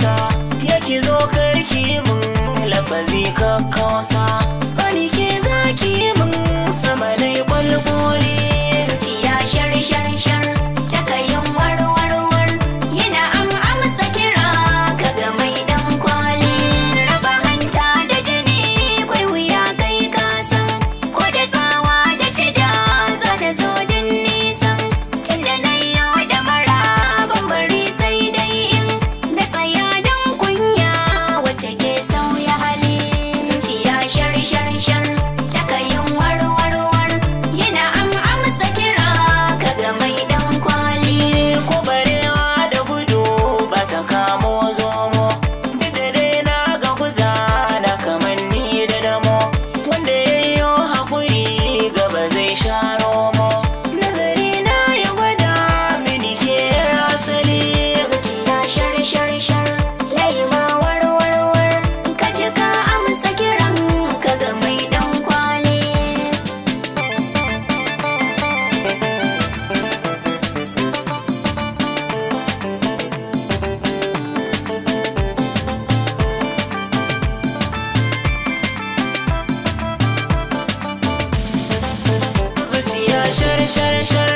side. shut it, shut it, shut it.